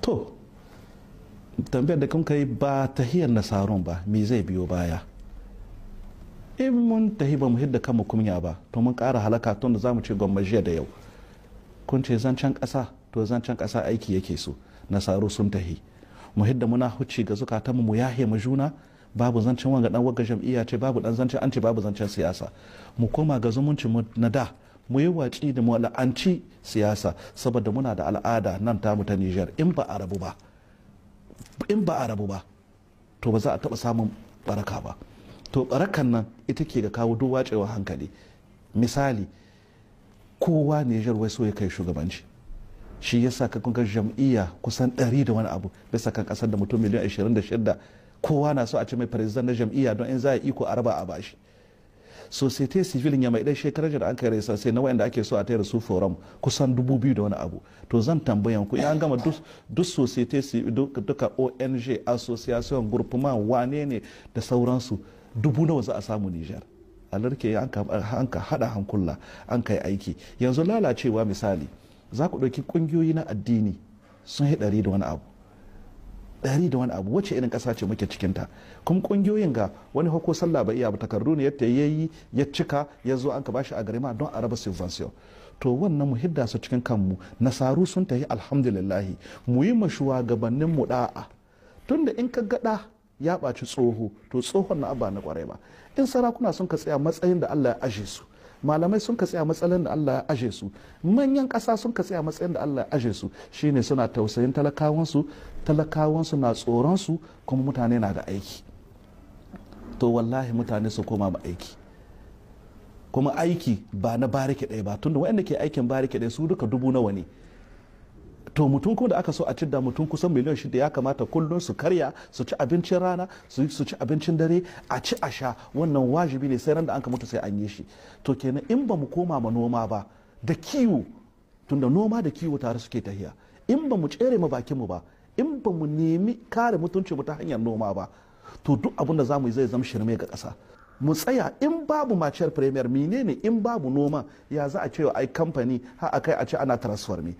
to tambayar da kanka yi ba tahiyar nasarun ba me zai biyo baya in mun tahi ba mu hidda kanmu kunya ba to mun ƙara halaka tun da za mu ce gwammajiya da yau kun ce zancen ƙasa to zancen ƙasa aiki yake so nasaru sun tahi mu hidda muna huci ga zukatanmu mu yahe mu juna babu zancen wanga dan wagga jam'iyya ce babu dan zancen an ce babu zancen siyasa mu koma ga zumunci mu na da mu yi watsi da mu siyasa saboda muna da al'ada nan ta ta Nijar in ba a rabu ba in ba a ba to ba za a taba samun baraka ba to barakan nan ita ke ga kawo duk wacewa hankali misali kowa Nijar wai so ya kai shugabanci shi yasa ka kunga jam'iyya kusan 100 da wani abu bisa kan kasar da mutum miliyan 26 kowa na so a ce mai president na jam'iyya don in za a iko a raba a bashi societe civil ya mai dai shekarar da an kai resa sai na wayanda ake so a tayar su forum kusan dubu biyu da wani abu to zan tambayan ku an gama duk societe duka ong association groupement wane ne da sauransu dubu nawa za a samu nijar alarke an ka hada hankula an kai aiki yanzu lalacewa misali za ku ɗauki kungiyoyi na addini sun yi ɗari da wani abu ɗari da wani abu wacce irin ƙasa ce muke cikinta kuma ƙungiyoyin ga wani hako sallah ba iya ba takardu ne yadda ya yi ya cika ya zo an ka bashi a ma don a raba subvention to wannan mu hidda su cikin kanmu nasaru sun tafi alhamdulillahi mu yi ma shugabannin mu da'a tunda in ka gada ya ɓaci tsoho to tsohon na ba na kwarai ba in sarakuna sun ka tsaya matsayin da Allah ya ashe su malamai sun ka tsaya matsalin da Allah ya aje su manyan ƙasa sun ka tsaya matsayin da Allah ya aje su shine suna tausayin talakawansu talakawansu na tsoron su kuma mutane na da aiki to wallahi mutane su koma ba aiki kuma aiki ba na bariki ɗaya ba tunda waɗanda ke aikin bariki ɗaya su duka dubu nawa ne to mutum kuma da aka so a cidda mutum kusan miliyan shida ya kamata kullum su karya su ci abincin rana su ci abincin dare a ci a sha wannan wajibi ne sai ran da an mutu sai an yi shi to kenan in ba mu koma ma noma ba da kiwo tunda noma da kiwo tare suke tahiya in ba mu tsere ma bakin mu ba in ba mu nemi kare mutunci mu ta hanyar noma ba to duk abin da zamu yi zai zama shirme ga ƙasa mu tsaya in babu maciyar premier menene in babu noma ya za a cewa ai kamfani har a kai a ce ana transfer me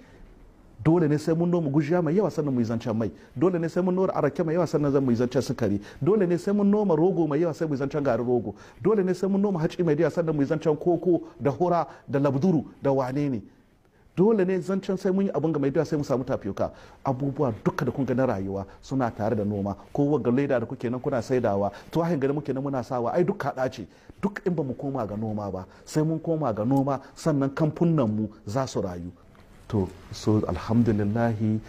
dole ne sai mun noma gujiya mai yawa sannan mu yi zancen mai dole ne sai mun noma arake mai yawa sannan zan mu yi zancen sukari dole ne sai mun noma rogo mai yawa sai mu yi zancen garin rogo dole ne sai mun noma haci mai yawa sannan mu yi zancen koko da hura da labduru da wane ne dole ne zancen sai mun yi abin ga mai yawa sai mu samu tafiyuka abubuwa duka da kun ga na rayuwa suna tare da noma ko wagga leda da kuke nan kuna saidawa to wahin gari muke nan muna sawa ai duk kaɗa ce duk in ba mu koma ga noma ba sai mun koma ga noma sannan kamfunan mu za su rayu to so alhamdulillahi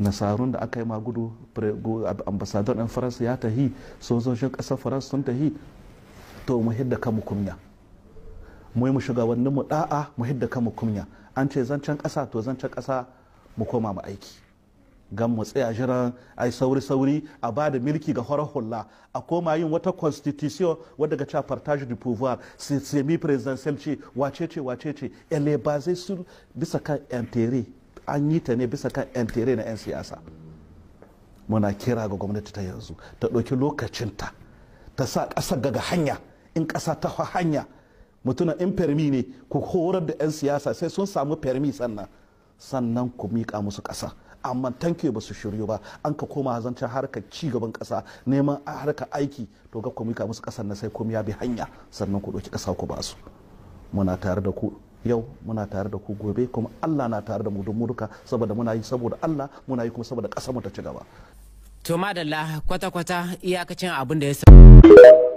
nasarun da aka yi magudu ambasador ɗin faransa ya tahi sojojin ƙasar faransa sun tahi to mu hidda kanmu kunya mu yi mu mu da'a mu hidda kanmu kunya. an ce zancen ƙasa to zancen ƙasa mu koma mu aiki gan mu tsaya jiran ai sauri sauri a ba da milki ga horo hula a koma yin wata constitution wadda ga cewa partage du pouvoir semi presidential ce wace ce wace ce ele ba zai su bisa kan intere an yi ta ne bisa kan intere na yan siyasa muna kira ga gwamnati ta yanzu ta ɗauki lokacin ta sa ƙasa daga hanya in ƙasa ta hanya mutuna in permi ne ku horar da 'yan siyasa sai sun samu permi sannan sannan ku miƙa musu ƙasa amma tanke ba su shiryu ba an ka koma zancen harkar ci gaban kasa neman harkar aiki to ga komika musu kasar na sai komai ya bi hanya sannan ku ɗauki kasa ku ba su muna tare da ku yau muna tare da ku gobe kuma Allah na tare da mu don muruka saboda muna yi saboda Allah muna yi kuma saboda kasar mu ta ci gaba to madalla kwata-kwata iyakacin abin da ya